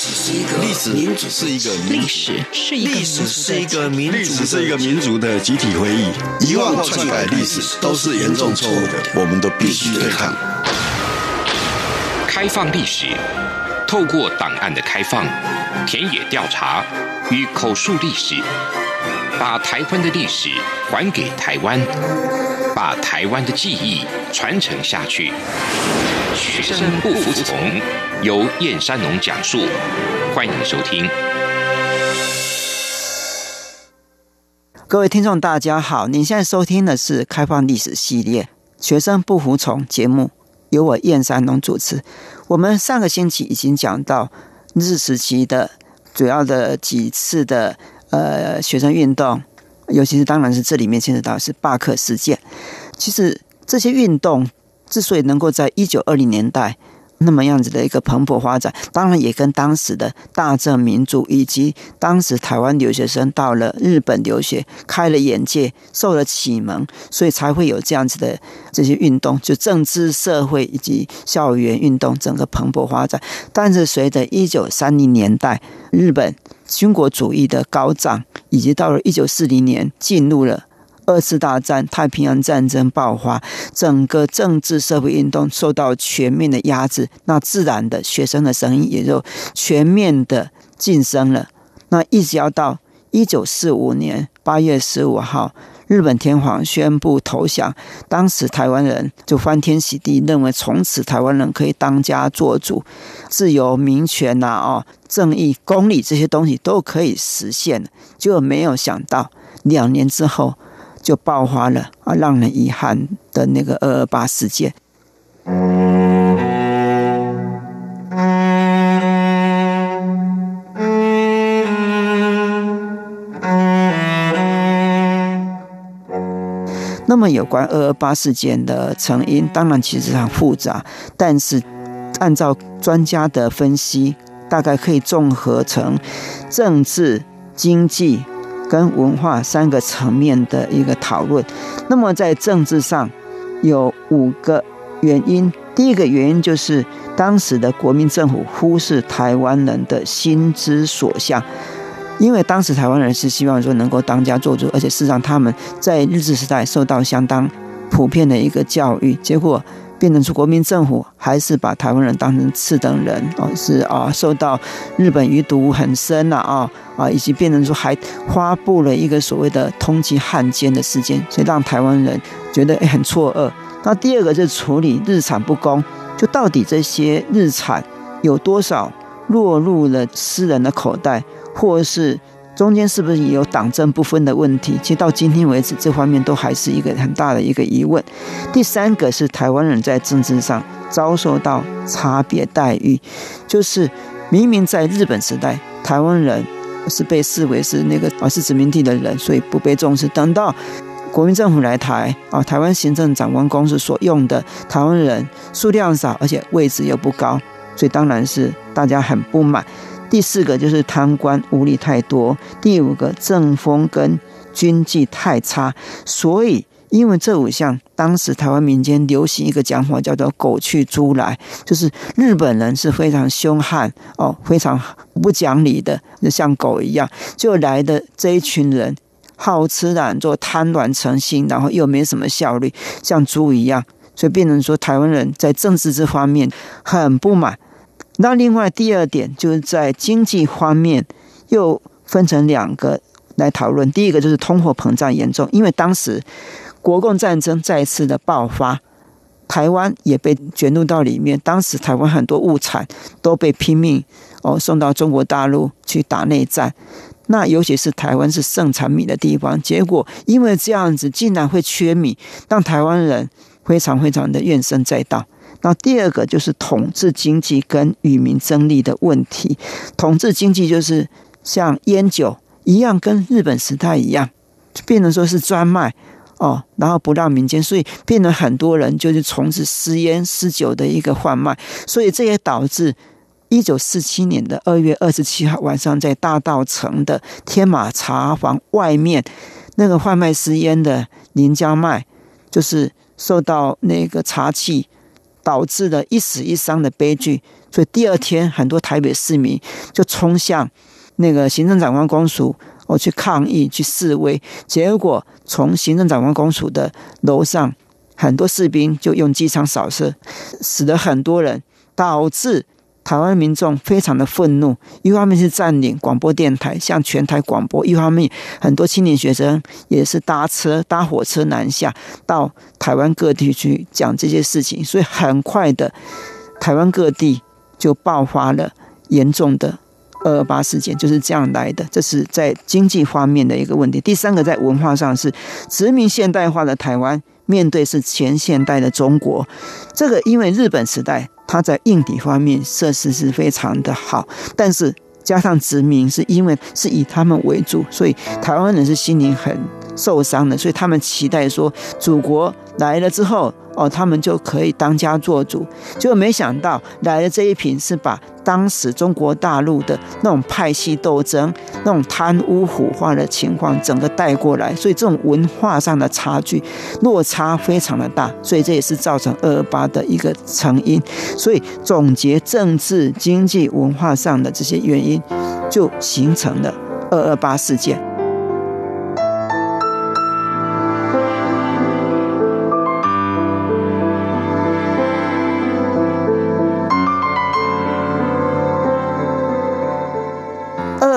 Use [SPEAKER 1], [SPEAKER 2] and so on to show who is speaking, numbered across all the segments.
[SPEAKER 1] 歷史是一個歷史，史，史是一個民族的歷史是一個民是一個民族的集體回憶，遺忘篡改歷史都是嚴重錯誤的，我們都必須對抗。開放歷史，透過檔案的開放、田野調查與口述歷史，把台灣的歷史還給台灣。把台灣的記憶傳承下去。學生不服從，由燕山農講述，歡迎收聽。各位聽眾，大家好，您現在收聽的是《開放歷史》系列《學生不服從》節目，由我燕山農主持。我們上個星期已經講到日治時期的主要的幾次的呃學生運動。尤其是，當然是這裡面牽扯到是罷課事件。其實這些運動之所以能夠在一九二零年代那麼樣子的一個蓬勃發展，當然也跟當時的大正民主以及當時台灣留學生到了日本留學，開了眼界，受了啟蒙，所以才會有這樣子的這些運動，就政治、社會以及校園運動整個蓬勃發展。但是隨着一九三零年代日本。軍國主義的高漲，以及到了一九四零年，進入了二次大戰，太平洋戰爭爆發，整個政治社會運動受到全面的壓制，那自然的學生的聲音也就全面的噤聲了。那一直要到一九四五年八月十五號。日本天皇宣布投降，當時台灣人就歡天喜地，認為從此台灣人可以當家作主，自由、民權啊，哦，正義、公理這些東西都可以實現，結果就沒有想到兩年之後就爆發了啊，讓人遺憾的那個二二八事件。嗯那麼，有關二二八事件的成因，當然其實很複雜，但是按照專家的分析，大概可以綜合成政治、經濟跟文化三個層面的一個討論。那麼，在政治上有五個原因，第一個原因就是當時的國民政府忽視台灣人的心之所向。因為當時台灣人是希望說能夠當家做主，而且事實上他們在日治時代受到相當普遍的一個教育，結果變成是國民政府還是把台灣人當成次等人哦，是啊，受到日本餘毒很深啊啊，以及變成說還發布了一個所謂的通緝漢奸的事件，所以讓台灣人覺得很錯愕。那第二個是處理日產不公，就到底這些日產有多少落入了私人的口袋？或是中間是不是也有黨政不分的問題？其實到今天為止，這方面都還是一個很大的一個疑問。第三個是台灣人在政治上遭受到差別待遇，就是明明在日本時代，台灣人是被視為是那個而是殖民地的人，所以不被重視。等到國民政府來台啊，台灣行政長官公署所用的台灣人數量少，而且位置又不高，所以當然是大家很不滿。第四個就是貪官污吏太多，第五個政風跟軍紀太差，所以因為這五項，當時台灣民間流行一個講法，叫做“狗去豬來”，就是日本人是非常凶悍哦，非常不講理的，就像狗一樣；就來的這一群人好吃懶做、貪婪成性，然後又沒什麼效率，像豬一樣，所以變成說台灣人在政治這方面很不滿。那另外第二點，就是在經濟方面，又分成兩個來討論。第一個就是通貨膨脹嚴重，因為當時國共戰爭再次的爆發，台灣也被捲入到裡面。當時台灣很多物產都被拼命哦送到中國大陸去打內戰。那尤其是台灣是盛產米的地方，結果因為這樣子，竟然會缺米，讓台灣人非常非常的怨聲載道。那第二個就是統治經濟跟與民爭利的問題。統治經濟就是像菸酒一樣，跟日本時代一樣，變成說是專賣哦，然後不讓民間，所以變成很多人就是從事私菸私酒的一個販賣。所以這也導致一九四七年的二月二十七號晚上，在大稻埕的天馬茶房外面，那個販賣私菸的林江邁，就是受到那個查緝，導致了一死一傷的悲劇，所以第二天很多台北市民就衝向那個行政長官公署，我去抗議、去示威，結果從行政長官公署的樓上，很多士兵就用機槍掃射，使得很多人導致。台灣民眾非常的憤怒，一方面是佔領廣播電台，向全台廣播，一方面很多青年學生也是搭車、搭火車南下，到台灣各地去講這些事情，所以很快的，台灣各地就爆發了嚴重的二二八事件，就是這樣來的。這是在經濟方面的一個問題。第三個，在文化上是殖民現代化的台灣。面對是前現代的中國，這個因為日本時代，它在硬體方面設施是非常的好，但是加上殖民，是因為是以他們為主，所以台灣人是心靈很。受傷了，所以他們期待說，祖國來了之後，哦，他們就可以當家做主。結果沒想到，來了這一批是把當時中國大陸的那種派系鬥爭、那種貪污腐化的情況整個帶過來，所以這種文化上的差距落差非常的大，所以這也是造成二二八的一個成因。所以總結政治、經濟、文化上的這些原因，就形成了二二八事件。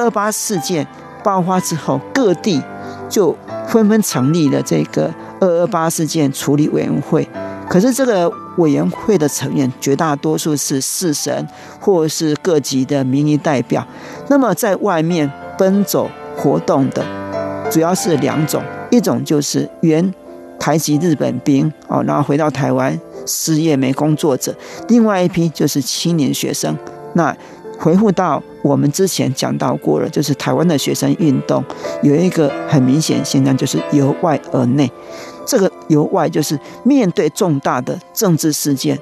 [SPEAKER 1] 二八事件爆發之後，各地就紛紛成立了這個二二八事件處理委員會。可是這個委員會的成員絕大多數是士紳或是各級的民意代表。那麼在外面奔走活動的，主要是兩種：一種就是原台籍日本兵哦，然後回到台灣失業沒工作者；另外一批就是青年學生。那回復到。我們之前講到過了，就是台灣的學生運動有一個很明顯現象，就是由外而內。這個由外就是面對重大的政治事件，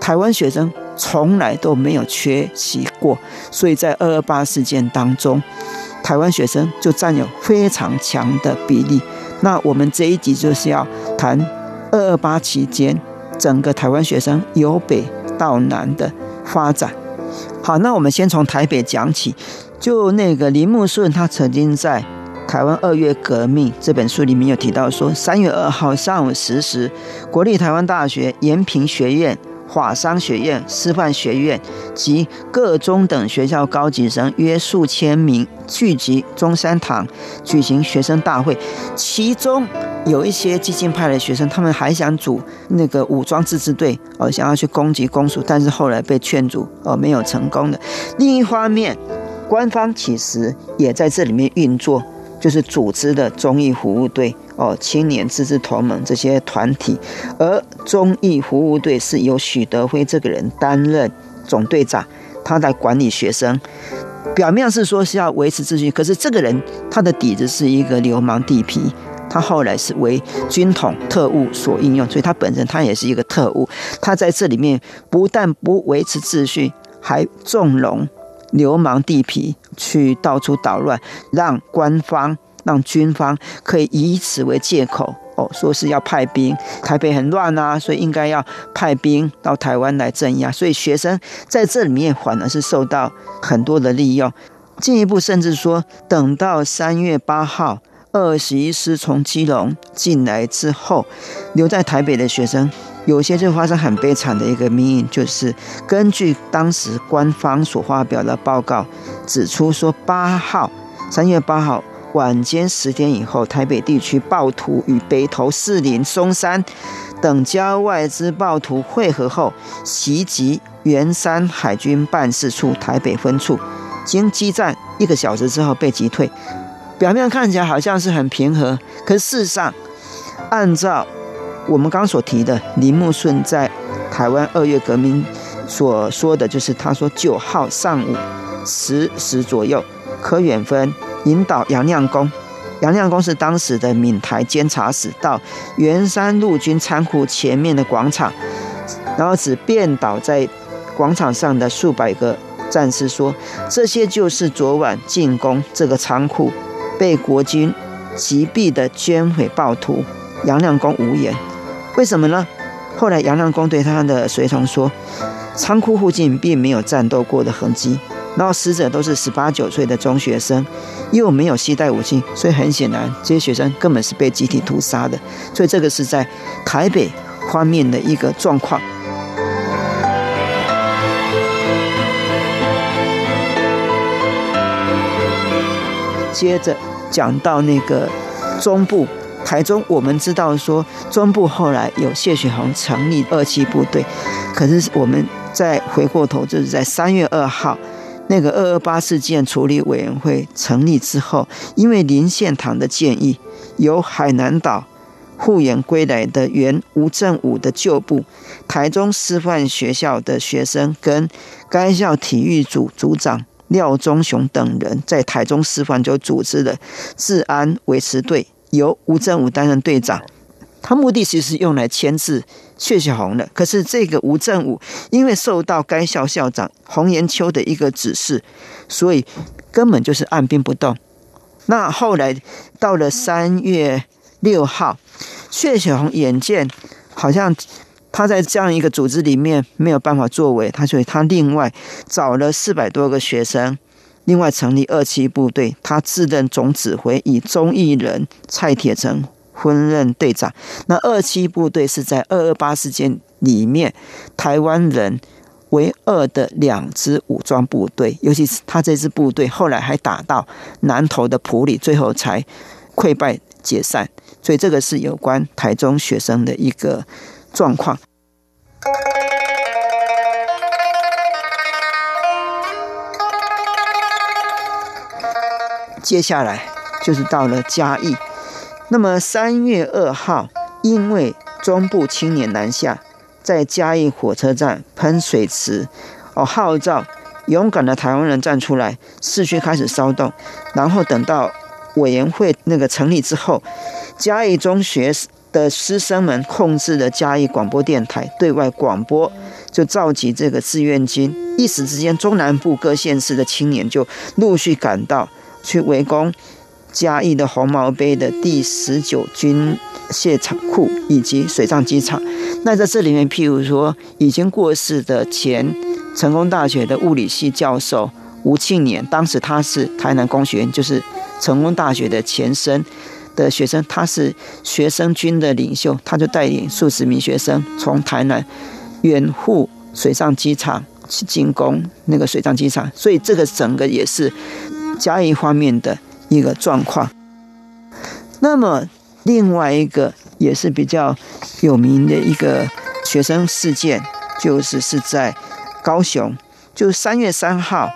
[SPEAKER 1] 台灣學生從來都沒有缺席過，所以在二二八事件當中，台灣學生就占有非常強的比例。那我們這一集就是要談二二八期間，整個台灣學生由北到南的發展。好，那我們先從台北講起。就那個林木順，他曾經在《台灣二月革命》這本書裡面有提到說，三月二號上午十時，國立台灣大學延平學院。法商學院、師範學院及各中等學校高級生約數千名聚集中山堂舉行學生大會，其中有一些激進派的學生，他們還想組那個武裝自治隊哦，想要去攻擊公署，但是後來被勸阻哦，沒有成功的。另一方面，官方其實也在這裡面運作。就是組織的忠義服務隊哦，青年自治同盟這些團體，而忠義服務隊是由許德輝這個人擔任總隊長，他來管理學生。表面是說是要維持秩序，可是這個人他的底子是一個流氓地痞，他後來是為軍統特務所應用，所以他本身他也是一個特務。他在這裡面不但不維持秩序，還縱容。流氓地痞去到處搗亂，讓官方、讓軍方可以以此為借口哦，說是要派兵。台北很亂啊，所以應該要派兵到台灣來鎮壓。所以學生在這裡面反而是受到很多的利用。進一步甚至說，等到三月八號，二十一師從基隆進來之後，留在台北的學生，有些就發生很悲慘的一個命運，就是根據當時官方所發表的報告指出說，八號三月八號晚間十點以後，台北地區暴徒與北投、士林、松山等郊外之暴徒會合後，襲擊圓山海軍辦事處台北分處，經激戰一個小時之後被擊退。表面看起來好像是很平和，可事實上按照。我們剛所提的林木順在台灣二月革命所說的就是，他說九號上午十時左右，柯遠芬引導楊亮功，楊亮功是當時的閩台監察使，到圓山陸軍倉庫前面的廣場，然後指遍倒在廣場上的數百個戰士說，這些就是昨晚進攻這個倉庫被國軍擊斃的捐匪暴徒，楊亮功無言。為什麼呢？後來楊亮功對他的隨從說，倉庫附近並沒有戰鬥過的痕跡，然後死者都是十八九歲的中學生，又沒有攜帶武器，所以很顯然這些學生根本是被集體屠殺的。所以這個是在台北方面的一個狀況。接着講到那個中部。台中，我們知道說，中部後來有謝雪紅成立二七部隊。可是我們再回過頭，就是在三月二號，那個二二八事件處理委員會成立之後，因為林獻堂的建議，由海南島護員歸來的原吳正武的舊部、台中師範學校的學生跟該校體育組，組組長廖宗雄等人，在台中師範就組織了治安維持隊。由吳振武擔任隊長，他目的其實是用來牽制謝雪紅的。可是這個吳振武因為受到該校校長洪延秋的一個指示，所以根本就是按兵不動。那後來到了三月六號，謝雪紅眼見好像他在這樣一個組織裡面沒有辦法作為，他所以他另外找了四百多個學生。另外成立二七部隊，他自任總指揮，以鍾逸人蔡鐵城分任隊長。那二七部隊是在二二八事件裡面台灣人唯二的兩支武裝部隊，尤其是他這支部隊後來還打到南投的埔里，最後才潰敗解散。所以這個是有關台中學生的一個狀況。接下來就是到了嘉義，那麼三月二號，因為中部青年南下，在嘉義火車站噴水池，哦，號召勇敢的台灣人站出來，市區開始騷動。然後等到委員會那個成立之後，嘉義中學的師生們控制了嘉義廣播電台對外廣播，就召集這個志願軍。一時之間，中南部各縣市的青年就陸續趕到。去圍攻嘉義的紅毛埤的第十九軍械倉庫以及水上機場。那在這裡面，譬如說，已經過世的前成功大學的物理系教授吳慶年，當時他是台南工學院，就是成功大學的前身的學生，他是學生軍的領袖，他就帶領數十名學生從台南遠赴水上機場去進攻那個水上機場，所以這個整個也是嘉義方面的一個狀況，那麼另外一個也是比較有名的一個學生事件，就是是在高雄，就三月三號，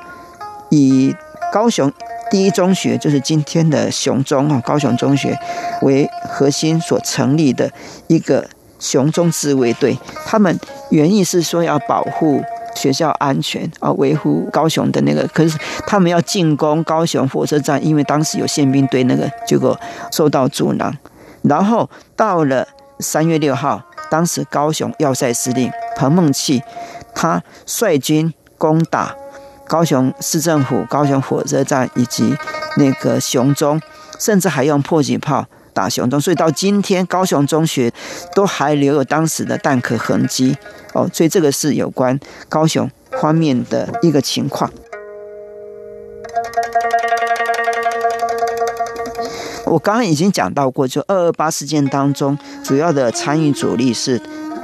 [SPEAKER 1] 以高雄第一中學，就是今天的雄中啊，高雄中學為核心所成立的一個雄中自衛隊，他們原意是說要保護。學校安全啊，維護高雄的那個，可是他們要進攻高雄火車站，因為當時有憲兵隊那個，結果受到阻撓，然後到了三月六號，當時高雄要塞司令彭孟緝，他率軍攻打高雄市政府、高雄火車站以及那個雄中，甚至還用迫擊炮。打雄中，所以到今天高雄中學都還留有當時的彈殼痕跡哦，所以這個是有關高雄方面的一個情況。我剛剛已經講到過，就二二八事件當中，主要的參與主力是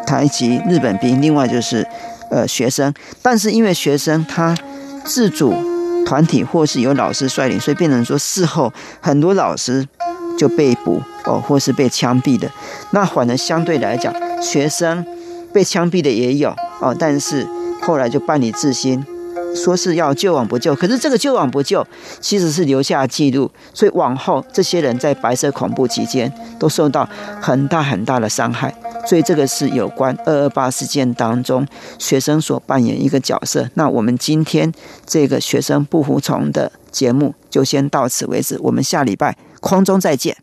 [SPEAKER 1] 台籍日本兵，另外就是呃學生，但是因為學生他自主團體或是由老師率領，所以變成說事後很多老師。就被捕哦，或是被槍斃的，那反而相對來講，學生被槍斃的也有哦。但是後來就辦理自新，說是要既往不咎。可是這個既往不咎，其實是留下記錄，所以往後這些人在白色恐怖期間都受到很大很大的傷害。所以這個是有關二二八事件當中學生所扮演一個角色。那我們今天這個學生不服從的節目就先到此為止。我們下禮拜。空中再見。